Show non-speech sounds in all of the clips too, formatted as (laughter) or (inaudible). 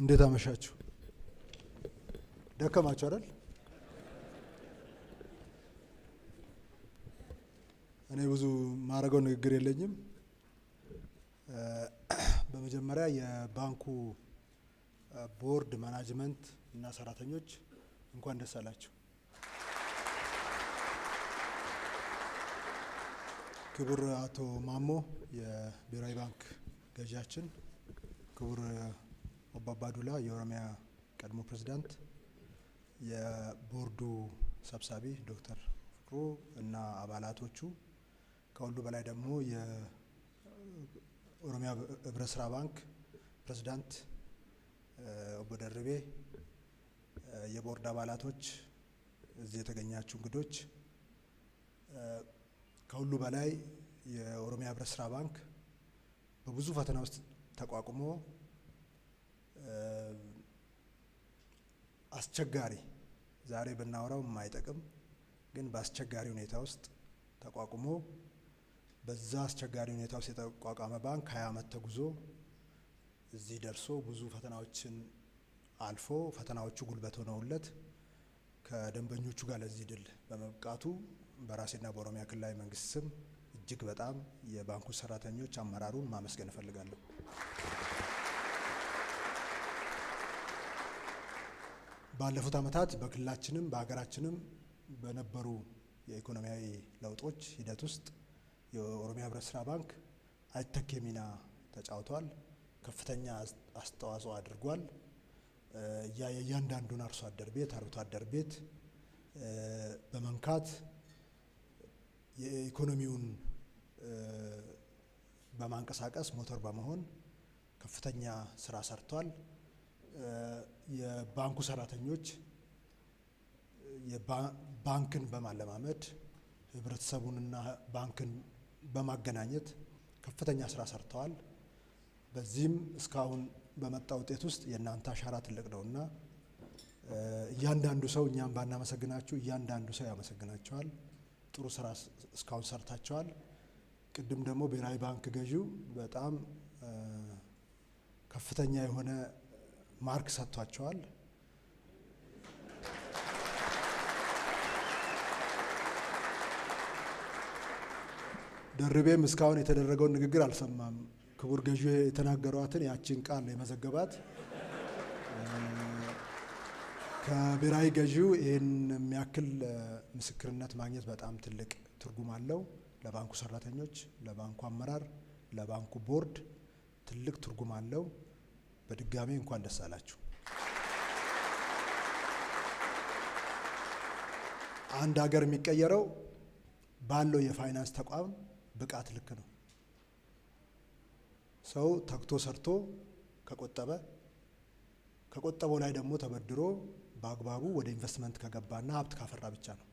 እንዴት አመሻችሁ? ደከማችሁ አይደል? እኔ ብዙ ማድረገው ንግግር የለኝም። (clears throat) በመጀመሪያ የባንኩ ቦርድ ማናጅመንት እና ሰራተኞች እንኳን ደስ አላችሁ። ክቡር አቶ ማሞ የብሔራዊ ባንክ ገዣችን። ክቡር ኦቦ አባዱላ የኦሮሚያ ቀድሞ ፕሬዚዳንት፣ የቦርዱ ሰብሳቢ ዶክተር ፍቅሩ እና አባላቶቹ፣ ከሁሉ በላይ ደግሞ የኦሮሚያ ህብረት ስራ ባንክ ፕሬዚዳንት ኦቦ ደርቤ፣ የቦርድ አባላቶች፣ እዚህ የተገኛችሁ እንግዶች፣ ከሁሉ በላይ የኦሮሚያ ህብረት ስራ ባንክ በብዙ ፈተና ውስጥ ተቋቁሞ አስቸጋሪ ዛሬ ብናወራው የማይጠቅም ግን በአስቸጋሪ ሁኔታ ውስጥ ተቋቁሞ በዛ አስቸጋሪ ሁኔታ ውስጥ የተቋቋመ ባንክ ሀያ ዓመት ተጉዞ እዚህ ደርሶ ብዙ ፈተናዎችን አልፎ ፈተናዎቹ ጉልበት ሆነውለት ከደንበኞቹ ጋር ለዚህ ድል በመብቃቱ በራሴና በኦሮሚያ ክልላዊ መንግስት ስም እጅግ በጣም የባንኩ ሰራተኞች፣ አመራሩን ማመስገን እፈልጋለሁ። ባለፉት ዓመታት በክልላችንም በሀገራችንም በነበሩ የኢኮኖሚያዊ ለውጦች ሂደት ውስጥ የኦሮሚያ ህብረት ስራ ባንክ አይተኬ ሚና ተጫውቷል። ከፍተኛ አስተዋጽኦ አድርጓል። የእያንዳንዱን አርሶ አደር ቤት አርብቶ አደር ቤት በመንካት የኢኮኖሚውን በማንቀሳቀስ ሞተር በመሆን ከፍተኛ ስራ ሰርቷል። የባንኩ ሰራተኞች ባንክን በማለማመድ ህብረተሰቡንና ባንክን በማገናኘት ከፍተኛ ስራ ሰርተዋል። በዚህም እስካሁን በመጣ ውጤት ውስጥ የእናንተ አሻራ ትልቅ ነውና እያንዳንዱ ሰው እኛም ባናመሰግናችሁ እያንዳንዱ ሰው ያመሰግናቸዋል። ጥሩ ስራ እስካሁን ሰርታቸዋል። ቅድም ደግሞ ብሔራዊ ባንክ ገዢው በጣም ከፍተኛ የሆነ ማርክ ሰጥቷቸዋል። ደርቤም እስካሁን የተደረገውን ንግግር አልሰማም። ክቡር ገዢ የተናገሯትን ያችን ቃል የመዘገባት ከብሔራዊ ገዢው ይህን የሚያክል ምስክርነት ማግኘት በጣም ትልቅ ትርጉም አለው። ለባንኩ ሰራተኞች፣ ለባንኩ አመራር፣ ለባንኩ ቦርድ ትልቅ ትርጉም አለው። በድጋሚ እንኳን ደስ አላችሁ። አንድ ሀገር የሚቀየረው ባለው የፋይናንስ ተቋም ብቃት ልክ ነው። ሰው ተግቶ ሰርቶ ከቆጠበ ከቆጠበው ላይ ደግሞ ተበድሮ በአግባቡ ወደ ኢንቨስትመንት ከገባና ሀብት ካፈራ ብቻ ነው።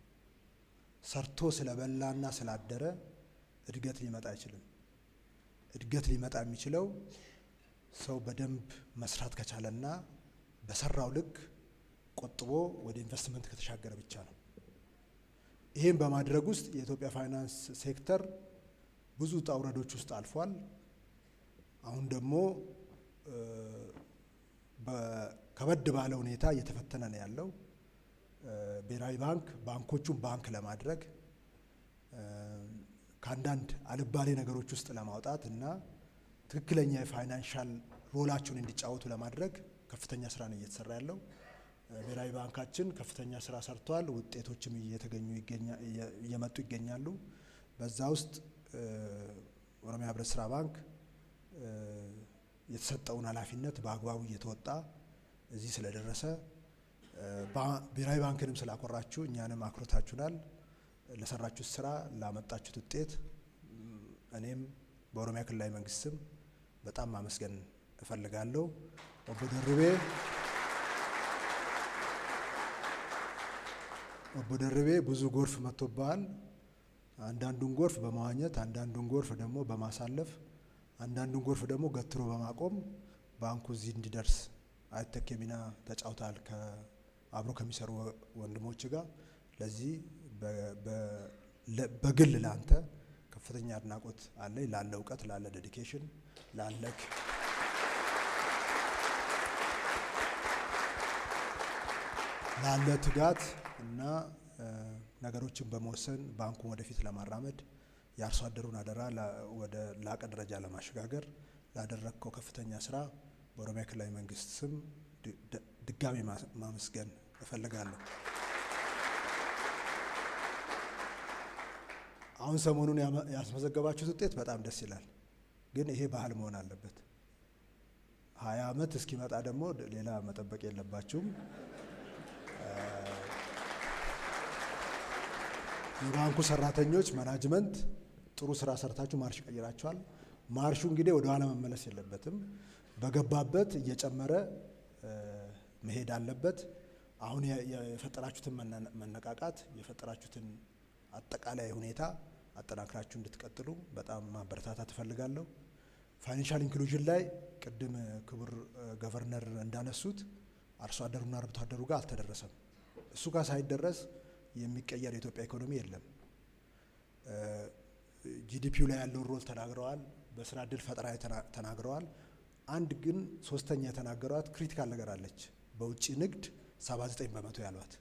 ሰርቶ ስለበላና ስላደረ እድገት ሊመጣ አይችልም። እድገት ሊመጣ የሚችለው ሰው በደንብ መስራት ከቻለና በሰራው ልክ ቆጥቦ ወደ ኢንቨስትመንት ከተሻገረ ብቻ ነው። ይህም በማድረግ ውስጥ የኢትዮጵያ ፋይናንስ ሴክተር ብዙ ውጣ ውረዶች ውስጥ አልፏል። አሁን ደግሞ ከበድ ባለ ሁኔታ እየተፈተነ ነው ያለው። ብሔራዊ ባንክ ባንኮቹን ባንክ ለማድረግ ከአንዳንድ አልባሌ ነገሮች ውስጥ ለማውጣት እና ትክክለኛ የፋይናንሻል ሮላቸውን እንዲጫወቱ ለማድረግ ከፍተኛ ስራ ነው እየተሰራ ያለው። ብሔራዊ ባንካችን ከፍተኛ ስራ ሰርቷል። ውጤቶችም እየተገኙ እየመጡ ይገኛሉ። በዛ ውስጥ ኦሮሚያ ህብረት ስራ ባንክ የተሰጠውን ኃላፊነት በአግባቡ እየተወጣ እዚህ ስለደረሰ ብሔራዊ ባንክንም ስላኮራችሁ እኛንም አኩርታችሁናል። ለሰራችሁት ስራ፣ ላመጣችሁት ውጤት እኔም በኦሮሚያ ክልላዊ መንግስት ስም በጣም ማመስገን እፈልጋለሁ። ኦቦ ደርቤ ኦቦ ደርቤ ብዙ ጎርፍ መጥቶብሃል። አንዳንዱን ጎርፍ በመዋኘት አንዳንዱን ጎርፍ ደግሞ በማሳለፍ አንዳንዱን ጎርፍ ደግሞ ገትሮ በማቆም ባንኩ እዚህ እንዲደርስ አይተኬ ሚና ተጫውታል አብሮ ከሚሰሩ ወንድሞች ጋር። ለዚህ በግል ለአንተ ከፍተኛ አድናቆት አለኝ ላለ እውቀት፣ ላለ ዴዲኬሽን፣ ላለ ላለ ትጋት እና ነገሮችን በመወሰን ባንኩን ወደፊት ለማራመድ የአርሶ አደሩን አደራ ወደ ላቀ ደረጃ ለማሸጋገር ላደረግከው ከፍተኛ ስራ በኦሮሚያ ክልላዊ መንግስት ስም ድጋሚ ማመስገን እፈልጋለሁ። አሁን ሰሞኑን ያስመዘገባችሁት ውጤት በጣም ደስ ይላል፣ ግን ይሄ ባህል መሆን አለበት። ሀያ ዓመት እስኪመጣ ደግሞ ሌላ መጠበቅ የለባችሁም። የባንኩ ሰራተኞች፣ ማናጅመንት ጥሩ ስራ ሰርታችሁ ማርሽ ቀይራችኋል። ማርሹ እንግዲህ ወደ ኋላ መመለስ የለበትም። በገባበት እየጨመረ መሄድ አለበት። አሁን የፈጠራችሁትን መነቃቃት የፈጠራችሁትን አጠቃላይ ሁኔታ አጠናክራችሁ እንድትቀጥሉ በጣም ማበረታታት እፈልጋለሁ። ፋይናንሻል ኢንክሉዥን ላይ ቅድም ክቡር ገቨርነር እንዳነሱት አርሶ አደሩና አርብቶ አደሩ ጋር አልተደረሰም። እሱ ጋር ሳይደረስ የሚቀየር የኢትዮጵያ ኢኮኖሚ የለም። ጂዲፒው ላይ ያለውን ሮል ተናግረዋል። በስራ እድል ፈጠራ ተናግረዋል። አንድ ግን ሶስተኛ የተናገሯት ክሪቲካል ነገር አለች። በውጭ ንግድ 79 በመቶ ያሏት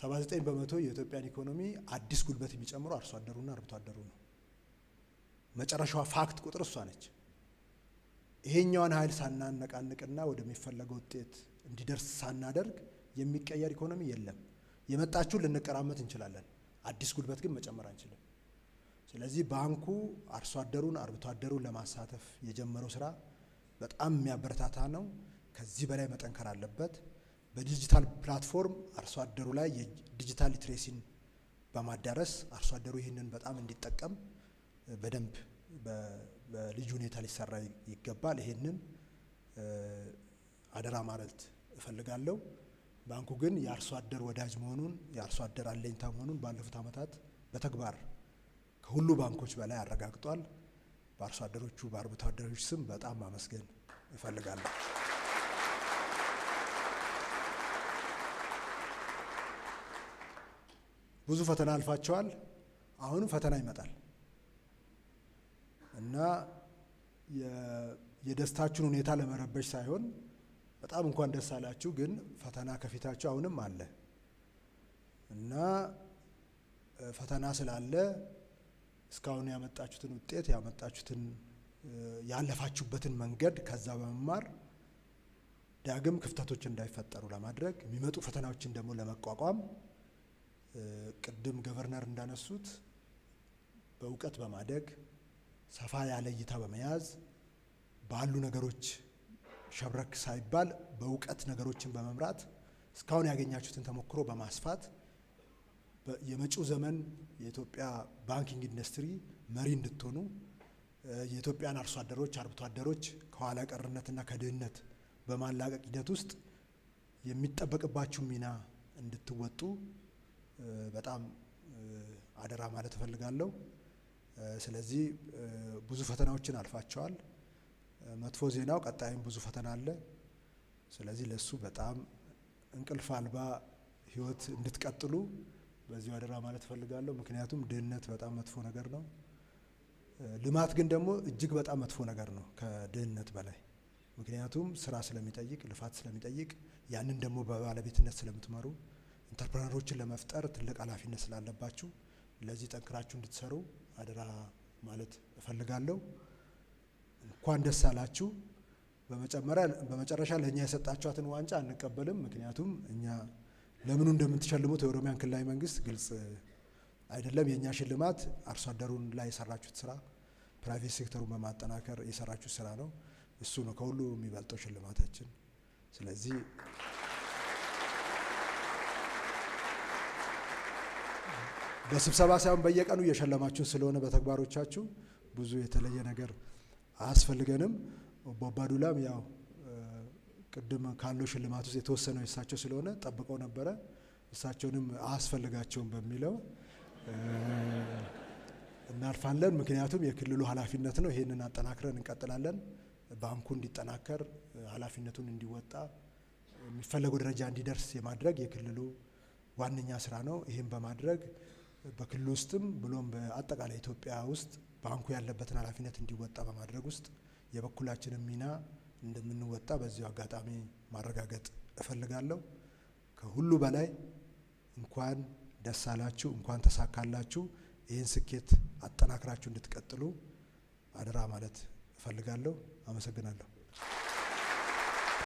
79 በመቶ የኢትዮጵያን ኢኮኖሚ አዲስ ጉልበት የሚጨምረው አርሶ አደሩና አርብቶ አደሩ ነው። መጨረሻዋ ፋክት ቁጥር እሷ ነች። ይሄኛዋን ኃይል ሳናነቃንቅና ወደሚፈለገው ውጤት እንዲደርስ ሳናደርግ የሚቀየር ኢኮኖሚ የለም። የመጣችውን ልንቀራመት እንችላለን፣ አዲስ ጉልበት ግን መጨመር አንችልም። ስለዚህ ባንኩ አርሶ አደሩን አርብቶ አደሩን ለማሳተፍ የጀመረው ስራ በጣም የሚያበረታታ ነው። ከዚህ በላይ መጠንከር አለበት። በዲጂታል ፕላትፎርም አርሶ አደሩ ላይ የዲጂታል ሊትሬሲን በማዳረስ አርሶ አደሩ ይህንን በጣም እንዲጠቀም በደንብ በልዩ ሁኔታ ሊሰራ ይገባል። ይሄንን አደራ ማለት እፈልጋለሁ። ባንኩ ግን የአርሶ አደር ወዳጅ መሆኑን የአርሶ አደር አለኝታ መሆኑን ባለፉት ዓመታት በተግባር ከሁሉ ባንኮች በላይ አረጋግጧል። በአርሶ አደሮቹ በአርብቶ አደሮች ስም በጣም ማመስገን እፈልጋለሁ። ብዙ ፈተና አልፋቸዋል። አሁንም ፈተና ይመጣል እና የደስታችሁን ሁኔታ ለመረበሽ ሳይሆን በጣም እንኳን ደስ አላችሁ፣ ግን ፈተና ከፊታችሁ አሁንም አለ እና ፈተና ስላለ እስካሁን ያመጣችሁትን ውጤት ያመጣችሁትን ያለፋችሁበትን መንገድ ከዛ በመማር ዳግም ክፍተቶች እንዳይፈጠሩ ለማድረግ የሚመጡ ፈተናዎችን ደግሞ ለመቋቋም ቅድም ገቨርነር እንዳነሱት በእውቀት በማደግ ሰፋ ያለ እይታ በመያዝ ባሉ ነገሮች ሸብረክ ሳይባል በእውቀት ነገሮችን በመምራት እስካሁን ያገኛችሁትን ተሞክሮ በማስፋት የመጪው ዘመን የኢትዮጵያ ባንኪንግ ኢንዱስትሪ መሪ እንድትሆኑ የኢትዮጵያን አርሶ አደሮች፣ አርብቶ አደሮች ከኋላ ቀርነትና ከድህነት በማላቀቅ ሂደት ውስጥ የሚጠበቅባችሁ ሚና እንድትወጡ በጣም አደራ ማለት እፈልጋለሁ። ስለዚህ ብዙ ፈተናዎችን አልፋቸዋል። መጥፎ ዜናው ቀጣይም ብዙ ፈተና አለ። ስለዚህ ለሱ በጣም እንቅልፍ አልባ ህይወት እንድትቀጥሉ በዚሁ አደራ ማለት እፈልጋለሁ። ምክንያቱም ድህነት በጣም መጥፎ ነገር ነው። ልማት ግን ደግሞ እጅግ በጣም መጥፎ ነገር ነው ከድህነት በላይ ምክንያቱም ስራ ስለሚጠይቅ ልፋት ስለሚጠይቅ ያንን ደግሞ በባለቤትነት ስለምትመሩ ኢንተርፕረነሮችን ለመፍጠር ትልቅ ኃላፊነት ስላለባችሁ ለዚህ ጠንክራችሁ እንድትሰሩ አደራ ማለት እፈልጋለሁ። እንኳን ደስ አላችሁ። በመጨረሻ ለእኛ የሰጣችኋትን ዋንጫ አንቀበልም። ምክንያቱም እኛ ለምኑ እንደምትሸልሙት የኦሮሚያን ክልላዊ መንግስት ግልጽ አይደለም። የእኛ ሽልማት አርሶ አደሩን ላይ የሰራችሁት ስራ፣ ፕራይቬት ሴክተሩን በማጠናከር የሰራችሁት ስራ ነው። እሱ ነው ከሁሉ የሚበልጠው ሽልማታችን። ስለዚህ በስብሰባ ሳይሆን በየቀኑ እየሸለማችሁ ስለሆነ በተግባሮቻችሁ ብዙ የተለየ ነገር አያስፈልገንም። በአባዱላም ያው ቅድም ካለው ሽልማት ውስጥ የተወሰነው የእሳቸው ስለሆነ ጠብቀው ነበረ። እሳቸውንም አያስፈልጋቸውም በሚለው እናልፋለን። ምክንያቱም የክልሉ ኃላፊነት ነው። ይህንን አጠናክረን እንቀጥላለን። ባንኩ እንዲጠናከር ኃላፊነቱን እንዲወጣ የሚፈለገው ደረጃ እንዲደርስ የማድረግ የክልሉ ዋነኛ ስራ ነው። ይህም በማድረግ በክልል ውስጥም ብሎም በአጠቃላይ ኢትዮጵያ ውስጥ ባንኩ ያለበትን ኃላፊነት እንዲወጣ በማድረግ ውስጥ የበኩላችንን ሚና እንደምንወጣ በዚሁ አጋጣሚ ማረጋገጥ እፈልጋለሁ። ከሁሉ በላይ እንኳን ደስ አላችሁ፣ እንኳን ተሳካላችሁ። ይህን ስኬት አጠናክራችሁ እንድትቀጥሉ አደራ ማለት እፈልጋለሁ። አመሰግናለሁ።